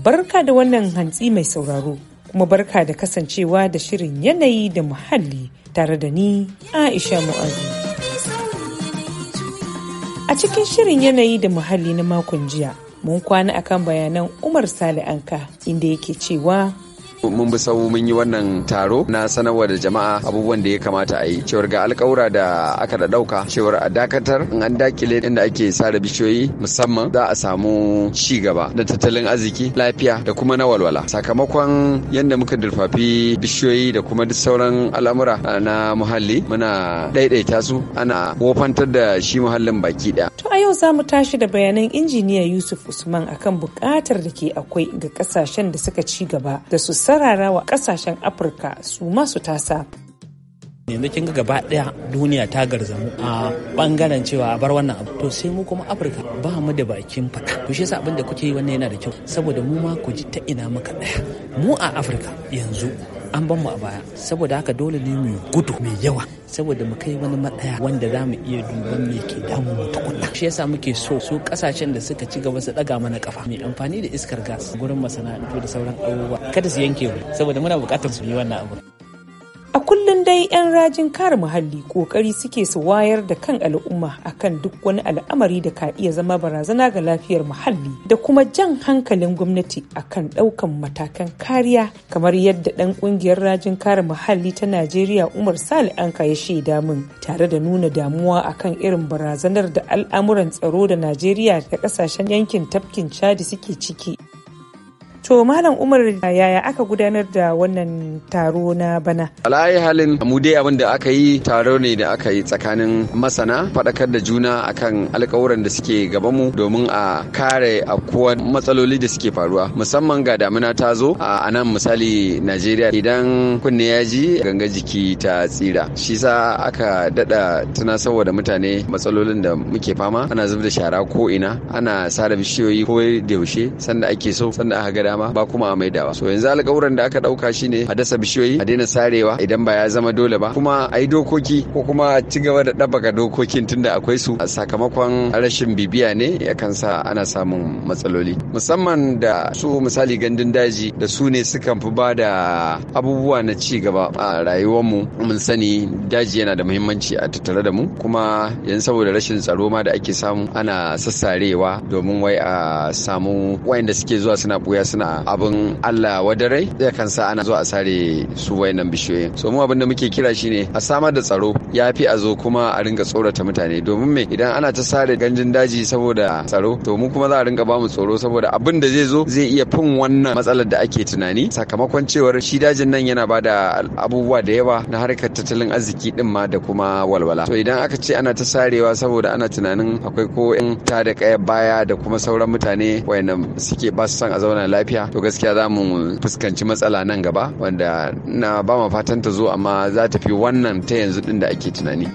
Barka da wannan hantsi mai sauraro, kuma barka da kasancewa da shirin yanayi da muhalli tare da ni Aisha Mu'azu. A cikin shirin yanayi da muhalli na makon jiya, mun kwana akan bayanan Umar Sale Anka inda yake cewa mun bi sau mun yi wannan taro na sanarwa da jama'a abubuwan da ya kamata a yi cewar ga alƙawura da aka da ɗauka cewar a dakatar in an dakile inda ake sare bishiyoyi musamman za a samu ci gaba da tattalin arziki lafiya da kuma na walwala sakamakon yadda muka durfafi bishiyoyi da kuma duk sauran al'amura na muhalli muna daidaita su ana wofantar da shi muhallin baki ɗaya. To a yau za mu tashi da bayanan injiniya Yusuf Usman akan bukatar da ke akwai ga kasashen da suka ci gaba da su wa kasashen afirka su masu tasa yanzu kin ga gaba daya duniya ta garzamu a bangaren cewa a bar wannan abu to sai mu kuma afirka ba mu da bakin faɗa to shi yasa abin da kuke yi wannan yana da kyau saboda mu ma ku ji ta ina maka daya mu a afirka yanzu an ban mu a baya saboda haka dole ne mu gudu mai yawa saboda mu kai wani matsaya wanda za mu iya duban me ke damu mu tukunna shi yasa muke so su kasashen da suka ci gaba su daga mana kafa mai amfani da iskar gas gurin masana'antu da sauran abubuwa kada su yanke mu saboda muna bukatar su yi wannan abu A kullum dai 'yan rajin kare muhalli kokari suke su wayar da kan al'umma akan duk wani al'amari da ka iya zama barazana ga lafiyar muhalli da kuma jan hankalin gwamnati akan ɗaukan matakan kariya kamar yadda ɗan ƙungiyar rajin kare muhalli ta Najeriya Umar Sali Anka ya shaida min tare da nuna damuwa akan irin barazanar da al'amuran tsaro da Najeriya da ƙasashen yankin tafkin Chadi suke ciki. To Malam Umar yaya aka gudanar da wannan taro na bana? Alayi halin mu dai abin da aka yi taro ne da aka yi tsakanin masana faɗakar da juna akan alƙawuran da suke gabanmu domin a kare afkuwar matsaloli da suke faruwa musamman ga damina ta zo a nan misali Najeriya idan kunne ya ji ganga jiki ta tsira shi sa aka daɗa tuna saboda mutane matsalolin da muke fama ana zubda da shara ko ina ana sare bishiyoyi ko da yaushe sanda ake so sanda aka ga dama dama ba kuma a maidawa so yanzu alƙawuran da aka ɗauka shi ne a dasa bishiyoyi a daina sarewa idan ba ya zama dole ba kuma a yi dokoki ko kuma a ci gaba da ɗabbaka dokokin tunda akwai su a sakamakon rashin bibiya ne yakan sa ana samun matsaloli musamman da su misali gandun daji da su ne sukan fi ba da abubuwa na ci gaba a rayuwarmu mun sani daji yana da muhimmanci a tattare da mu kuma yanzu saboda rashin tsaro ma da ake samu ana sassarewa domin wai a samu wayanda suke zuwa suna buya suna abin Allah wadarai zai kan sa ana zuwa a sare su wayannan bishiyoyin so mu abin da muke kira shine a samar da tsaro ya fi a zo kuma a ringa tsorata mutane domin me idan ana ta sare ganjin daji saboda tsaro to mu kuma za a ringa bamu tsoro saboda abin da zai zo zai iya fin wannan matsalar da ake tunani sakamakon cewar shi dajin nan yana bada abubuwa da yawa na harkar tattalin arziki din ma da kuma walwala to idan aka ce ana ta sarewa saboda ana tunanin akwai ko yan ta da kaya baya da kuma sauran mutane wayannan suke ba su son a zauna lafiya lafiya to gaskiya za mu fuskanci matsala nan gaba wanda na ba mu fatan ta zo amma za ta fi wannan ta yanzu din da ake tunani.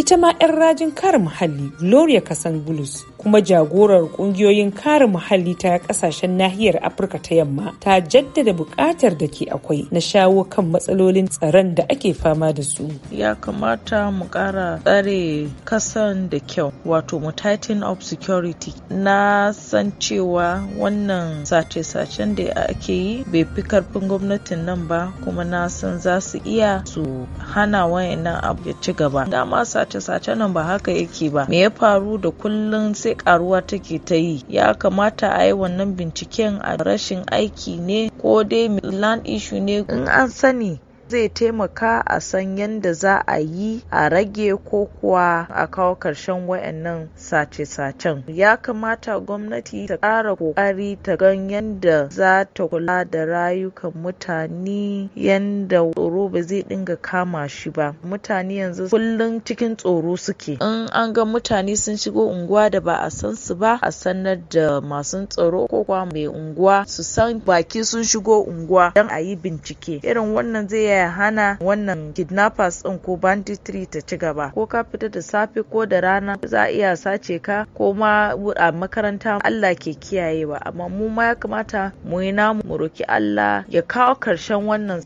ita ma 'yan rajin kare muhalli gloria kasan bulus kuma jagorar kungiyoyin kare muhalli ta kasashen nahiyar afirka ta yamma ta jaddada bukatar da ke akwai na shawo kan matsalolin tsaron da ake fama da su ya kamata mu ƙara tsare kasan da kyau wato mu tighten up security na san cewa wannan sace-sacen da ake yi bai fi karfin gwamnatin nan ba kuma na san za su iya su hana wayannan abu ya ci gaba dama sace-sace nan ba haka yake ba me ya faru da kullum sai karuwa take ta yi ya kamata a yi wannan binciken a rashin aiki ne ko dai land issue ne in an sani zai taimaka a san yadda za a yi a rage ko kuwa a kawo karshen wayannan sace-sacen ya kamata gwamnati ta ƙara ƙoƙari ta gan yadda za ta kula da rayukan mutane yadda tsoro ba zai dinga kama shi ba mutane yanzu kullum cikin tsoro suke in an ga mutane sun shigo unguwa da ba a san su ba a sanar da masu tsaro ko kuwa mai unguwa su san baki sun shigo unguwa don a yi bincike irin wannan zai ya hana wannan kidnappers ɗin ko banditry ta ci gaba ko ka fita da safe ko da rana za a iya sace ka ko ma a makaranta Allah ke kiyayewa amma mu ma ya kamata mu yi namu mu roki Allah ya kawo karshen wannan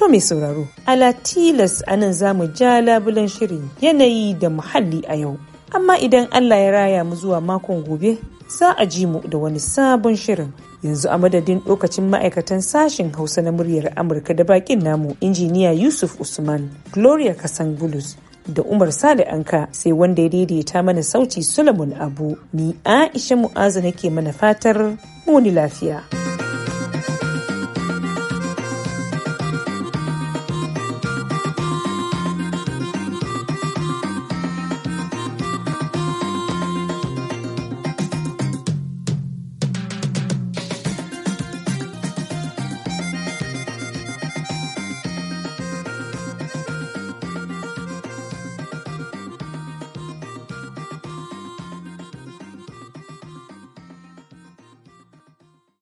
To mai sauraro, ala tilas anan za mu ja labulan shirin yanayi da muhalli a yau. Amma idan Allah ya raya mu zuwa makon gobe, za a ji mu da wani sabon shirin. yanzu a madadin lokacin ma'aikatan sashen hausa na muryar amurka da bakin namu injiniya yusuf usman gloria kasangulus da umar sale anka sai wanda ya daidaita mana sauti solomon abu ni aisha mu'azu nake mana fatar muni lafiya.